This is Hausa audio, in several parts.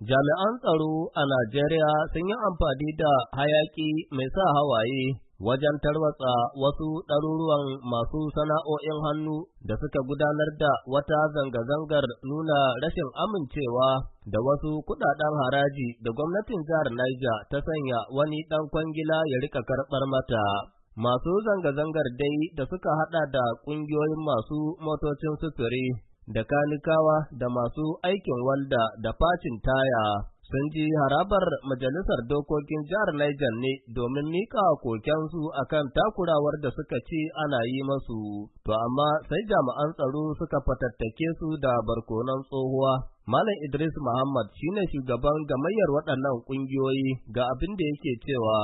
Jami'an tsaro a Najeriya sun yi amfani da hayaƙi mai sa hawaye wajen tarwatsa wasu ɗaruruwan masu sana'o'in hannu da suka gudanar da wata zanga-zangar nuna rashin amincewa da wasu kuɗaɗen haraji da gwamnatin jihar Niger ta sanya wani ɗan kwangila ya rika karɓar mata. Masu zanga-zangar dai da suka haɗa da ƙungiyoyin masu motocin sufuri da kanikawa da masu aikin walda da facin taya sun ji harabar majalisar dokokin jihar Niger ne domin mika kokensu akan takurawar da suka ce ana yi masu, to amma sai jami'an tsaro suka fatattake su da barkonan tsohuwa. Malam Idris Muhammad shine shugaban gamayyar waɗannan ƙungiyoyi ga abin da yake cewa.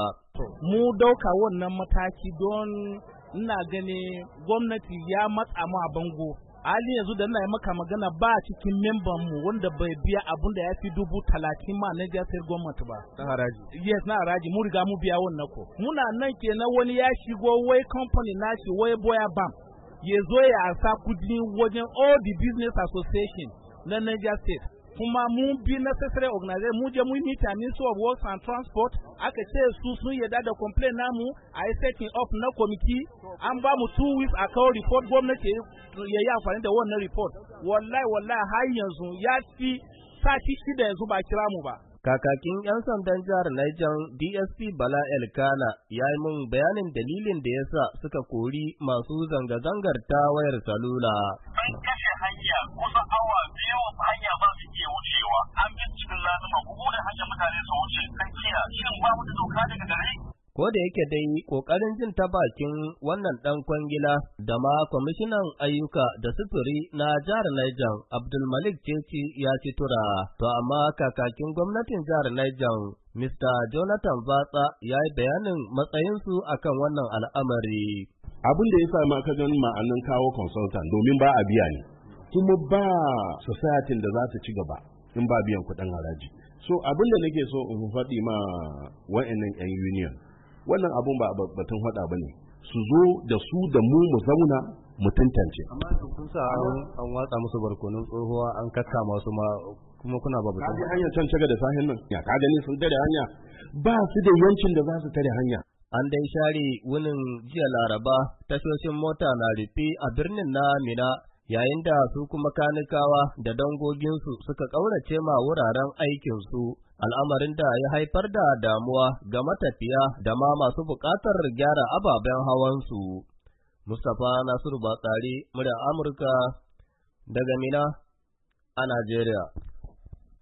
Mu dauka wannan mataki don ina gani gwamnati ya matsa mu a bango. Ali yanzu da ina maka magana ba cikin memban mu wanda bai biya abun da ya fi dubu talatin ma na State gwamnati ba. Na haraji. Yes, na haraji. Mun riga mu biya wannan ko. Muna nan kenan wani ya shigo wai company nashi wai boya bam. Ya zo ya asa kudi wajen all the business association na Niger State. kuma mun bi necessary organize mu je mun mita ministry of works and transport aka ce su sun yarda da complain namu a yi setting up na committee an ba mu two weeks a kawo report gwamnati ya yi amfani da wannan report wallahi wallahi har yanzu ya fi sati shida yanzu ba kira mu ba Kakakin 'yan sandan jihar Niger DSP Bala Elkana ya yi min bayanin dalilin da yasa suka kori masu zanga-zangar ta wayar salula. hanya kusa awa biyu hanya ba su iya wucewa an bi cikin lazima ku bude hanya mutane su wuce tsakiya shin ba wata doka daga gare Ko da yake dai ƙoƙarin jin ta bakin wannan ɗan kwangila da ma kwamishinan ayyuka da sufuri na jihar Niger Abdulmalik Ceci ya ci tura, to amma kakakin gwamnatin jihar Niger Mr. Jonathan Batsa ya yi bayanin matsayinsu akan wannan al'amari. abin da ya sami ma ma'anin kawo consultant domin ba a biya ne kuma ba societin da za ta ci gaba in ba biyan kuɗin haraji so abin da nake so in faɗi ma wa'annan yan union wannan abun ba batun faɗa ba ne su zo da su da mu mu zauna mu tantance amma kun sa an watsa musu barkonin tsohuwa an kakka masu ma kuma kuna ba batun hanyar can caga da sahin nan ya ka gani sun tare hanya ba su da yancin da za su tare hanya an dai share wunin jiya laraba tashoshin mota na rufe a birnin na mina yayin da su kuma kanikawa da dangoginsu suka ƙaurace ma wuraren aikinsu, al'amarin da ya haifar da damuwa ga matafiya da ma masu buƙatar gyara ababen hawansu. Mustapha Nasiru Batsari, murya Amurka, daga Mina a Najeriya.